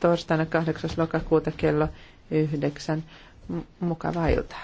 torstaina 8. lokakuuta kello yhdeksän. Mukavaa iltaa.